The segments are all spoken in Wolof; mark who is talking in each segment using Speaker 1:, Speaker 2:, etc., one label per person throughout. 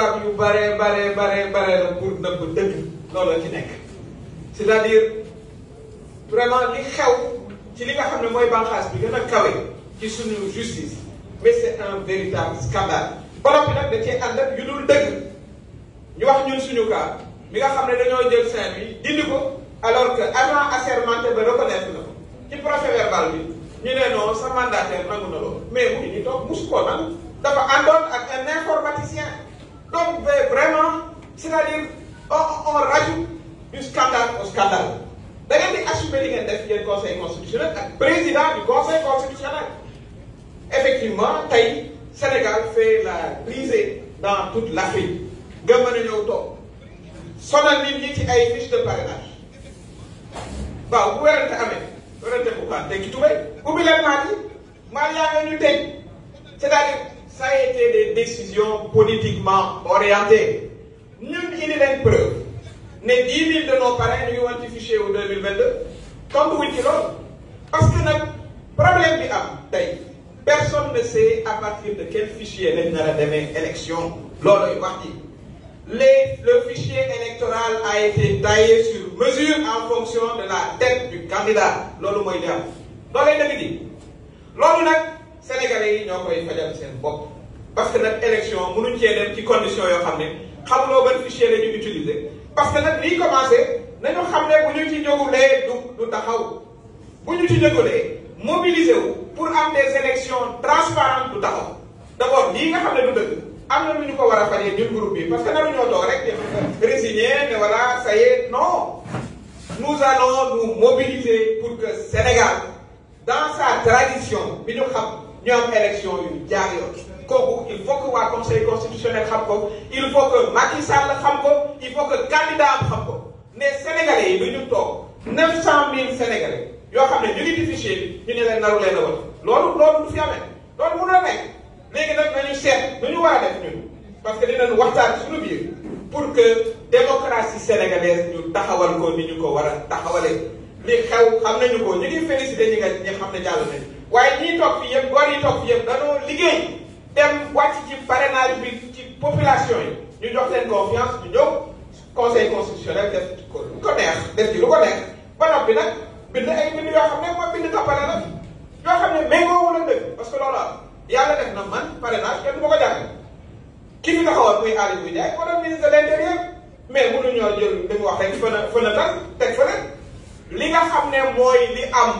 Speaker 1: tubaab yu bare bare bare bare la pour nëbb dëgg loolu la ci nekk c'est-à-dire vraiment li xew ci li nga xam ne mooy banqaas bi gën a kawe ci suñu justice mais c'est un véritable scandale borom bi nag da cee ànd ak yu dul dëgg ñu wax ñun suñu cas mi nga xam ne dañoo jël Saint-Louis dindi ko alors que agent assermenté ba reconnaître na ko ci procès verbal bi ñu ne non sa mandataire nangu na loolu mais mu ngi ñu toog musu koo nangu dafa àndoon ak un informaticien comme vraiment c'est-à-dire on rajoute du scandale au scandale da ngeen di assumer li ngeen def yéen conseil constitutionnel ak président du conseil constitutionnel effectivement tey Sénégal fait la brisée na toute l'Afrique nga mën a ñëw toog sonal nit ñi ci ay fiche de parrainage waaw bu werante amee werante bu baax dégg nga tubéy ubbi leen maat yi maat yaa ngi ñu teg cest ça a été des décisions politiquement orientées ñun indi leen preuve ne 10 000 de nos parrains ñu ngi woon ci fichier wu 2022 tomb wuñ ci loolu parce que nag problème bi am tey personne ne sait à partir de quel fichier lañ nar a demee élection loolooy wax le fichier électoral a été taillé sur mesure en fonction de la tête du candidat loolu mooy li am loolee dëgg di loolu nag. sénégalais yi ñoo koy fajal seen bopp parce que nag élection mënuñ cee dem ci condition yoo xam ne xamuloo ban fichier la ñu utiliser parce que nag lii commencé nañu xam ne bu ñu ci jógulee du du taxaw bu ñu ci jógulee mobiliser pour am des élections transparentes du taxaw d' abord lii nga xam ne du dëgg am na lu ñu ko war a fajee ñun groupe bi parce que nañu ñoo toog rek di résigner ne voilà ça y est non nous allons nous mobiliser pour que Sénégal dans sa tradition bi ñu am yu jaar yoon kooku il faut que waa conseil constitutionnel xam ko il faut que Macky Sall xam ko il faut que candidat am xam ne sénégalais yi du ñu toog neuf cent mille sénégalais yoo xam ne ñu ngi di fichier bi ñu ne leen naru leen a wote loolu loolu du fi amee loolu mun na nekk léegi nag se seet nu ñu war a def ñun parce que dinañ waxtaan suñu biir pour que démocratie sénégalaise ñu taxawal ko ni ñu ko war a taxawalee li xew xam nañu ko ñu ngi félicité ñi nga ñi xam ne jàll nañu waaye ñii toog fii yëpp góor yi toog fii yëpp danoo liggéey dem wàcc ci parrainage bi ci population yi ñu jox leen confiance ñu ñëw conseil constitutionnel def ko lu def ci lu ko ba noppi nag bind ay bind yoo xam ne mooy bind toppale la yoo xam ne méngoo wala dëgg parce que loolu am yàlla def na man parrainage kenn du ma ko jàpp ki fi taxawal muy Aly Ngouille Ndiaye wala ministre de wax rek fën a fën a tag li nga xam ne mooy li am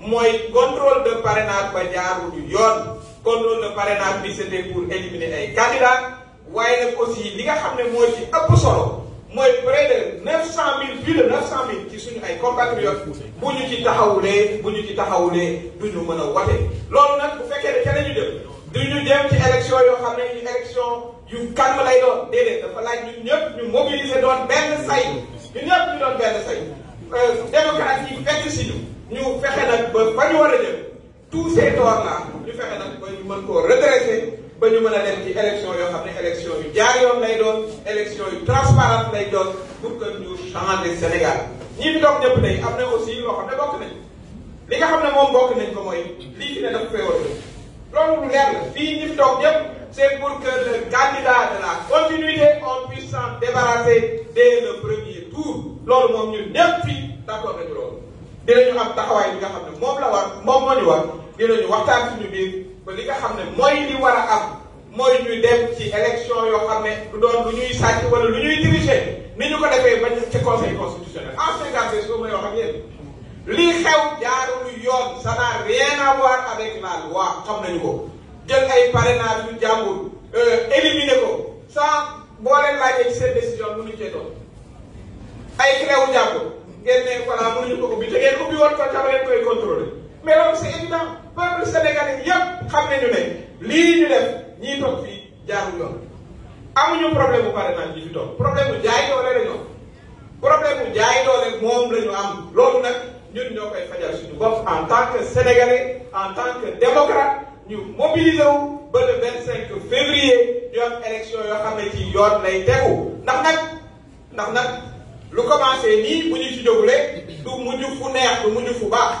Speaker 1: mooy contrôle de parrainage ba jaarul yoon contrôle de parrainage bi c'était pour éliminer ay candidats waaye nag li nga xam ne mooy ci ëpp solo mooy près de neuf cent mille plus de neuf cent mille ci suñu ay compatriotes bu ñu ci taxawulee bu ñu ci taxawulee du ñu mën a wote loolu nag bu fekkee ne ca lañu dem du ñu dem ci élection yoo xam ne ñu élection yu calme lay doon déedéet dafa laaj ñun ñëpp ñu mobiliser doon benn say ñu ñëpp ñu doon benn say euh, démocratie fekk si ñu fexe na ba fa ñu war a jëm tous ces torts là ñu fexe nag ba ñu mën koo redresser ba ñu mën a dem ci élection yoo xam ne élection yu jaar yoon lay doon élection yu transparente lay doon pour que ñu changer Sénégal ñi fi toog ñëpp tey am na aussi loo xam ne bokk nañ li nga xam ne moom bokk nañ ko mooy lii fi ne dafa fee war loolu lu leer la fii ñi fi toog ñëpp c'est pour que le candidat de la continuité on puisse s'en débarrasser dès le premier tour loolu moom ñun ñëpp fii d'accord dinañu am taxawaay bi nga xam ne moom la war moom moo ñu war dinañu waxtaan suñu biir ba li nga xam ne mooy li war a am mooy ñu dem ci élection yoo xam ne du doon lu ñuy sàcc wala lu ñuy tricher ni ñu ko defee ba ci e constitutionnel e cinquante soo may wax ak yéen lii xew jaarul yoon ça n'a rien à voir avec la loi xam nañu ko jël ay parrainage yu jàmbur euh, éliminer ko sans boo leen laajee ci seen décision mënuñ cee doon ay xew jàmbur ngeen ne voilà mënuñu ko ubbi te ngeen ubbi woon ko tam leen koy contrôler mais loolu c'est évident peuple sénégalais yépp ne lii ñu def ñiy toog fii jaarul yoon amuñu problème bu parrainage bi fi toog problème bu jaay doole la ñu am problème bu jaay am loolu nag ñun ñoo koy fajal suñu bopp en tant que sénégalais en tant wu ba le 25 février ñu am élection yoo xam ne ci yoon lay tegu ndax nag ndax nag. lu commencé nii bu ñu ci jógulee du mujj fu neex du mujj fu baax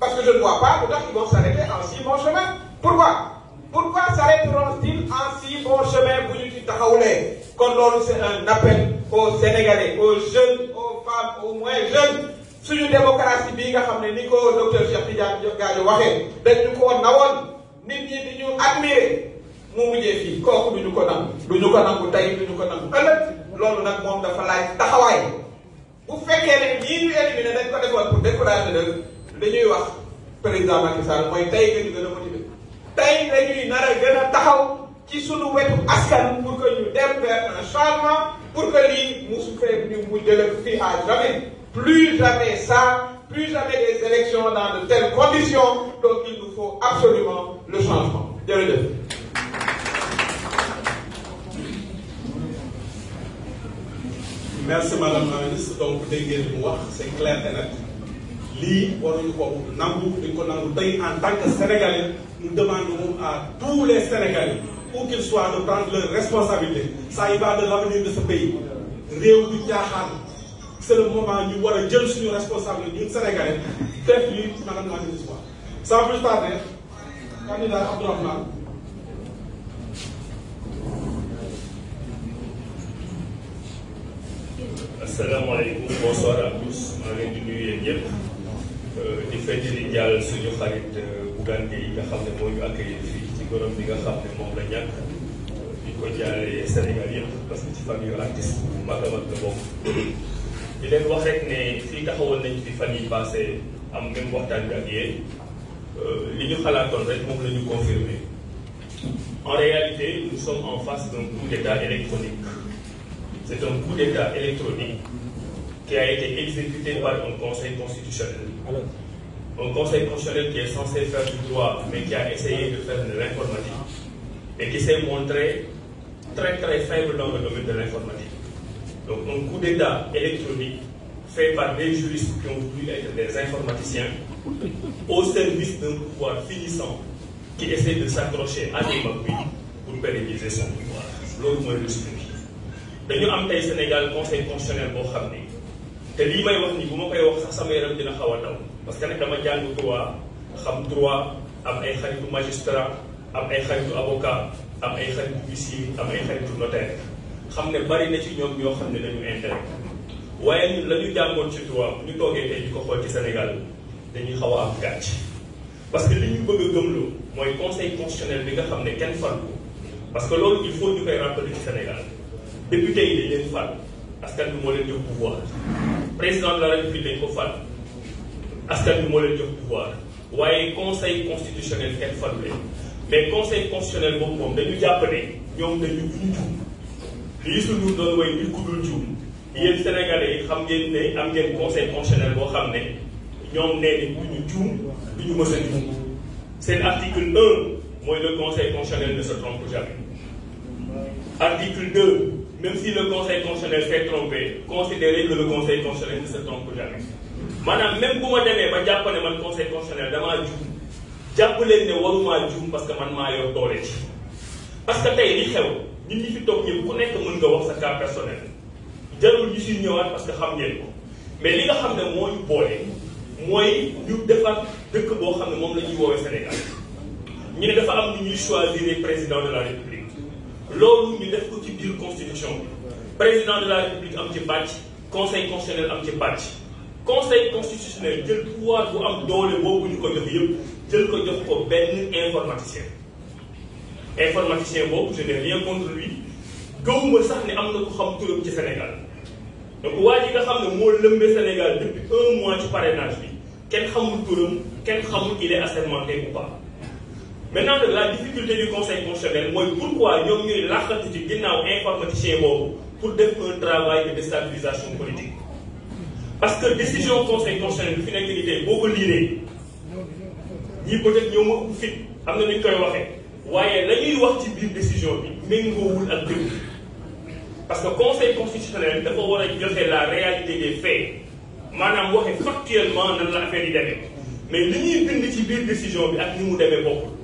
Speaker 1: parce que je ne vois pas lu tax sa vont s'arrêter en si bon chemin pourquoi pourquoi s'arrêteront-ils en si bon chemin bu ñu ci taxawulee kon loolu c'est un appel aux Sénégalais aux jeunes aux femmes aux moins jeunes suñu démocratie bii nga xam ne ni ko docteur Cheikh Tidiane Gadio waxee dañu ko nawoon nit ñi di ñu admirer mu mujjee fii kooku du ñu ko nangu du ñu ko nangu tey du ñu ko nangu ëllëg loolu nag moom dafa laaj taxawaay bu fekkee ne lii ñu éliminé dañ ko defoon pour décourager leen dañuy wax président Macky Sall mooy tey nga ñu gën a motivé tey dañuy nar a gën a taxaw ci sunu wetu askan pour que ñu dem vers un changement pour que lii mu su fekk ñu mu jëlee fii à jamais plus jamais ça plus jamais des élections dans de telles conditions donc il nous faut absolument le changement jërëjëf. merci madame la ministre donc dégg ngeen li mu wax c' est clair et net lii waruñu ko nangu dañu ko nangu tey en tant que sénégalais nous demandons à tous les sénégalais où qu'ils soient de prendre leurs responsabilités ça y va de l' avenir de ce pays réew du caaxaan c' est le moment ñu war a jël suñu responsabilité ñun sénégalais def li la ministre wax sans
Speaker 2: asalaamaaleykum bonsoir à tous maa ngi leen di nuyu yéen ñëpp euh, di fekk di jàll suñu xarit euh, Bougane Gueye nga xam ne moo ñu ci gorom bi nga ne moom la ñàkk euh, di ko jàllee Sénégal yëpp parce que ci famille artiste bu mag la bokk di leen wax rek ne fii taxawal nañ fi am même waxtaan bi li ñu xalaatoon rek moom la ñu confirmé en réalité nous sommes en face d'un coup d'état électronique c'est un coup d'État électronique qui a été exécuté par un conseil constitutionnel. Un conseil constitutionnel qui est censé faire du droit, mais qui a essayé de faire l'informatique et qui s'est montré très très faible dans le domaine de l'informatique. Donc un coup d'État électronique fait par des juristes qui ont voulu être des informaticiens au service d'un pouvoir finissant qui essaie de s'accrocher à des pour pérenniser son pouvoir. dañu am tey senegal conseil constitutionnel boo xam ne te lii may wax nii bu ma koy wax sax sama yaram dina xaw a daw parce que nag dama jàng droit xam droit am ay xaritu magistrat am ay xaritu avocat am ay xaritu huissier am ay xaritu notaire xam ne bari na ñoom ñoo xam ne dañu intérêt waaye ñun la ñu jàngoon ci droit bu ñu toogee tey di ko xool ci Sénégal dañuy xaw a am gàcc parce que li ñu bëgg a gëmloo mooy conseil constitutionnel bi nga xam ne kenn fal ko parce que loolu il faut ñu koy rappeler ci Sénégal. député yi dañ leen fal askan bi moo leen jox pouvoir président la république dañ ko fal bi moo leen jox pouvoir waaye conseil constitutionnel kenn falu leen mais conseil constitutionnel boobu moom dañu jàpp ne ñoom dañu duñu juum li suñu doon way nit ku dul juum yéen sénégalais yi xam ngeen am ngeen conseil constitutionnel boo xam ne ñoom nee nañ duñu juum duñu mës a juum seen article 1 mooy le conseil constitutionnel ne se trompe jamais article 2 même si le conseil constitutionnel s'est trompé considérez que le conseil constitutionnel ne se trompe jamais maanaam même bu ma demee ba jàpp man conseil constitutionnel damaa juum jàpp leen ne warumaa juum parce que man maa yor doole ci parce que tey li xew ñun ñi fi toog ñëpp ku nekk mën nga wax sa cas personnel jarul ñu si ñëwaat parce que xam ngeen ko mais li nga xam ne moo ñu boole mooy ñu defar dëkk boo xam ne moom la ñuy woowee Sénégal ñu ne dafa am lu ñuy choisir président de la loolu ñu def ko ci biir constitution bi président de la république am ci bàcc conseil constitutionnel am ci bàcc conseil constitutionnel jël pouvoir bu am doole boobu ñu ko jox yëpp jël ko jox ko benn informaticien informaticien boobu je n'ai rien contre lui gëwuma sax ne am na ko xam turam ci Sénégal donc waa ji nga xam ne moo lëmbee Sénégal depuis un mois ci parrainage bi kenn xamul turam kenn xamul il est assermenté ou pas maintenant nag la difficulté du conseil constitutionnel mooy pourquoi ñoom ñuy làqati ci ginnaaw informaticien boobu pour def un travail de déstabilisation politique parce que décision conseil constitutionnel bi fi nekk nii tey boo ko liiree ñii peut-être fit am na ñu koy waxee waaye la wax ci biir décision bi méngoowul ak dëgg parce que conseil constitutionnel dafa war a joxe la réalité des faits maanaam waxe factuellement nan la affaire yi demee mais li ñuy biir décision bi ak ni mu demee bokkul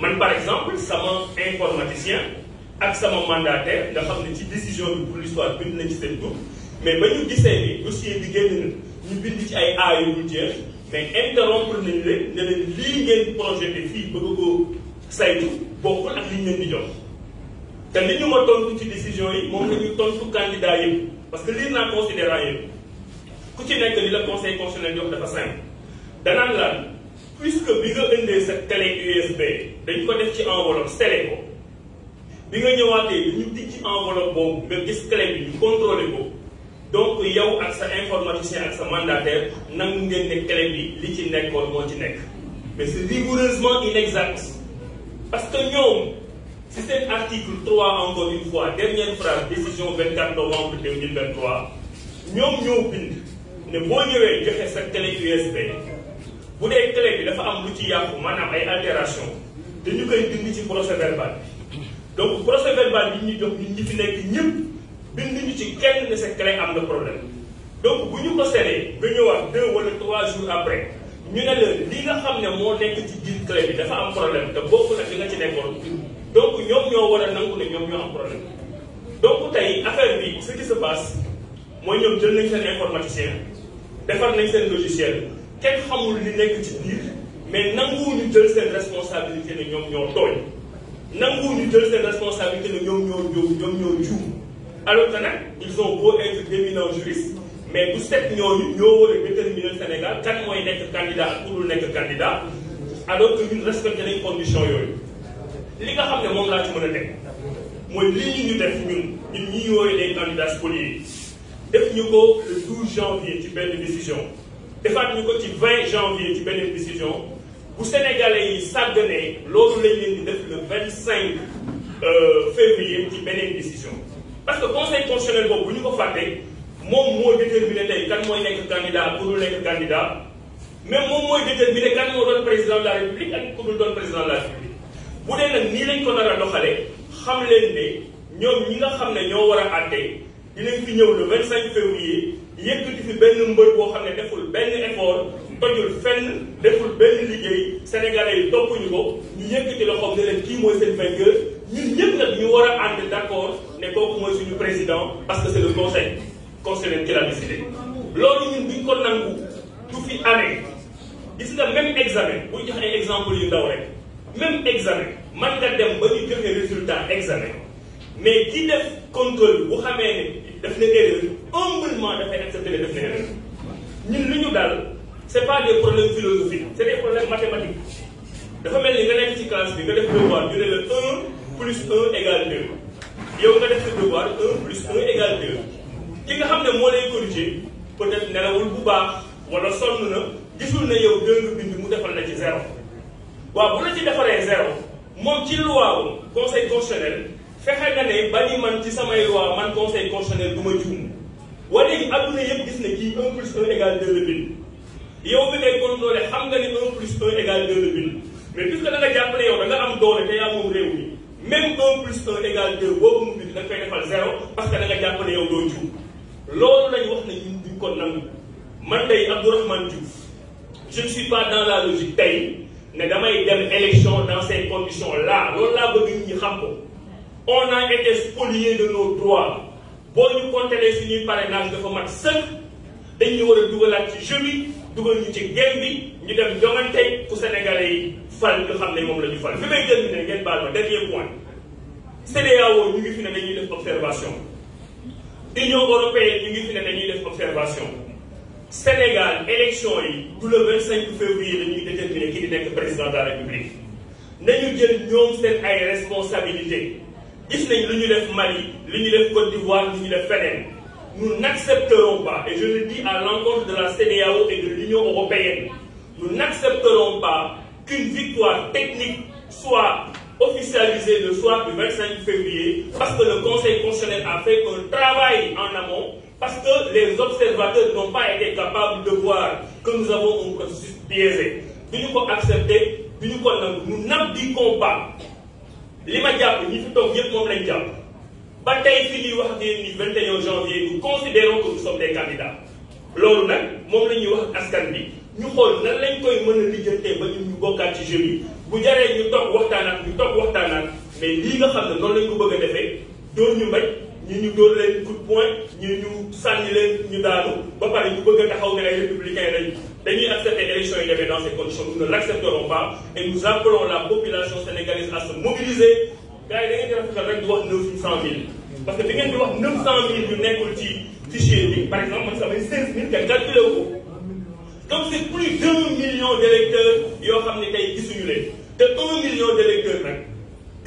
Speaker 2: man par exemple sama informaticien ak sama mandataire nga xam ne ci décision bi pour l'histoire bind nañ ci seen tur mais ba ñu gisee ni dossier bi génn na ñu bind ci ay A yu wul jeex mais interrompre nañu leen ne leen lii ngeen projet bi fii bëgg ko saytu bokkul li ñu leen di jox. te li ñu ma tontu ci décision yi moom la ñu tontu candidat yëpp parce que lire naa considérant yëpp ku ci nekk li la conseil constitutionnel jox dafa simple danaan la. puisque bi nga indee sa télé USB dañ ko def ci enveloppe scellé ko bi nga ñëwaatee bi ñu tijji enveloppe boobu nga gis clé bi ñu contrôlé ko donc yow ak sa informaticien ak sa mandataire nangu ngeen ne bi li ci nekkoon moo ci nekk mais c'est rigoureusement inexact parce que ñoom si seen article 3 encore une fois dernière phrase décision 24 novembre 2023 ñoom ñoo bind ne boo ñëwee joxe sa clé USB bu dee clé bi dafa am lu ci yàqu maanaam ay altération dañu koy bind ci procès verbal bi donc procès verbal bi ñu jox ñun ñi fi nekk ñëpp bind ñu ci kenn ne sa clé am na problème donc bu ñu ko seree ba ñëwaat deux wala trois jours après ñu ne la li nga xam ne moo nekk ci biir clé bi dafa am problème te bokk nag li nga ci nekkoon donc ñoom ñoo war a nangu ne ñoom ñoo am problème donc tey affaire bi ce qui se passe mooy ñoom jël nañ seen informaticien defar nañ seen logiciel. kenn xamul li nekk ci biir mais nanguwuñu jël seen responsabilité ne ñoom ñoo tooñ nanguwuñu jël seen responsabilité ne ñoom ñoo jóg ñoom ñoo juum alors que nag ils ont beau être d'éminents juristes mais du set ñooñu ñoo war a déterminer Sénégal kan mooy nekk candidat ak ku dul nekk candidat alors que ñun respecté nañ condition yooyu li nga xam ne moom laa ci mën a teg mooy lii ñu def ñun ñun ñi yooyu les candidats spoliés def ñu ko le 12 defaat ñu ko ci 20 janvier ci beneen décision bu sénégalais yi sàgganee loolu lañ leen di def le 25 euh, février ci beneen décision parce que conseil constitutionnel boobu bu ñu ko fàtte moom moo déterminé tey kan mooy nekk candidat ku dul nekk candidat mais moom mooy déterminé kan moo doon président de la république ak ku dul doon président de la république bu dee nag nii lañ ko nar a doxalee xam leen ne ñoom ñi nga xam ne ñoo war a àtte dinañ ñëw le 25 yëkkati fi benn mbër boo xam ne deful benn effort tojul fenn deful benn liggéey sénégalais yi toppuñu ko ñu yëkkati loxoom ne leen kii mooy seen vainqueur ñun ñëpp nag ñu war a ànd d' accord ne kooku mooy suñu président parce que c' est le conseil constitutionnel qui l'a loolu ñun duñ ko nangu du fi amee gis nga même examen buñ jox exemple yu ndaw rek même examen man nga dem ba ñu joxe résultat examen mais ki def contrôle bu xamee ne daf na erreur humblement dafay accepter ne def na erreur ñun lu ñu dal c'est pas des problèmes philosophiques c'est des problèmes mathématiques dafa mel ni nga nekk ci classe bi nga def devoir ñu ne la 1 plus 1 égale 2 yow nga def sa devoir 1 plus 1 égale 2 ki nga xam ne moo lay corriger peut-être nelawul bu baax wala sonn na gisul na yow 2 nga bind mu defal la ci zéro waaw bu la ci defaree zéro moom ci loi conseil constitutionnel fexe na ne ba ni man ci samay loi man conseil constitutionnel du ma juum wa léegi adduna yëpp gis kii 1 plus 1 égale yow bi ngay contrôlé xam nga ni 1 plus 1 égale 2 la bind mais puisque da nga jàpp ne yow da nga am doole te yaa moom réew mi même 1 plus mu bind da nga koy defal zéro parce que da nga jàpp ne yow doo juum loolu lañ wax ne ñun duñ ko nangu man day Abdourahmane Diouf je ne suis pas dans la logique tey ne damay dem élection dans ces conditions là loolu laa bëgg ñu xam ko on a été spolié de boo ñu compter si ñuy parrainage dafa mat sëkk dañ ñu war a dugalaat ci jeu bi dugal ñu ci game bi ñu dem jongante ku senegal yi fal ñu xam ne moom la ñu fal fi may jël ne ngeen baal ma dernier point CEDEAO ñu ngi fi ne dañuy def observation Union européenne ñu ngi fi ne dañuy def observation Sénégal élection yi du le 25 février dañuy déterminer ki di nekk président de la République nañu jël ñoom seen ay responsabilité gis nañ lu ñu def Mali lu ñu def Côte d'Ivoire lu ñu nous n'accepterons pas et je le dis à l'encontre de la CEDEAO et de l'Union européenne nous n'accepterons pas qu'une victoire technique soit officialisée le soir du février parce que le Conseil constitutionnel a fait un travail en amont parce que les observateurs n'ont pas été capables de voir que nous avons un processus biaisé nous n'abdiquons pas li ma jàpp ñi fi toog ñëpp moom lañ jàpp ba tey fi ñuy wax ak yéen ni 21 janvier nous considérons que nous sommes des candidats loolu nag moom la ñuy wax ak askan bi ñu xool nan lañ koy mën a lijjantee ba ñun ñu bokkaat ci jeu yi bu jaree ñu toog waxtaanaat ñu toog waxtaanaat mais lii nga xam ne noonu lañ ko bëgg a defee dóor ñu mbaj ñu ñu dóor leen coup de poing ñu ñu sànni leen ñu daanu ba pare ñu bëgg a taxaw ne ay républicain lañ dañuy accepter élection yi demee dans ces conditions nous ne l'accepterons pas et nous appelons la population sénégalaise à se mobiliser gars yi da ngeen di rafetal rek di wax neuf cent mille parce que bi ngeen di wax neuf cent mille par exemple man samay seize mille kenn calculé wu ko donc c'est plus d'un million d'électeurs yoo xam ne tey gisuñu leen te un million d'électeurs nag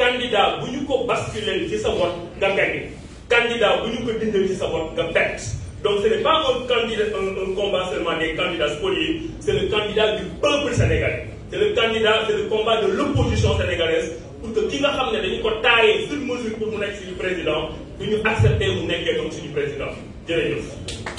Speaker 2: candidat bu ñu ko basculer ci sa vote nga gagné candidat bu ñu ko dindal ci sa vote nga perte Donc ce n'est pas un, candidat, un, un combat seulement des candidats spoliés, c'est le candidat du peuple sénégalais. C'est le candidat, c'est le combat de l'opposition sénégalaise pour que ki nga xam ne dañu ko taaree sur mesure pour nekk suñu président bu ñu accepté mu nekkee comme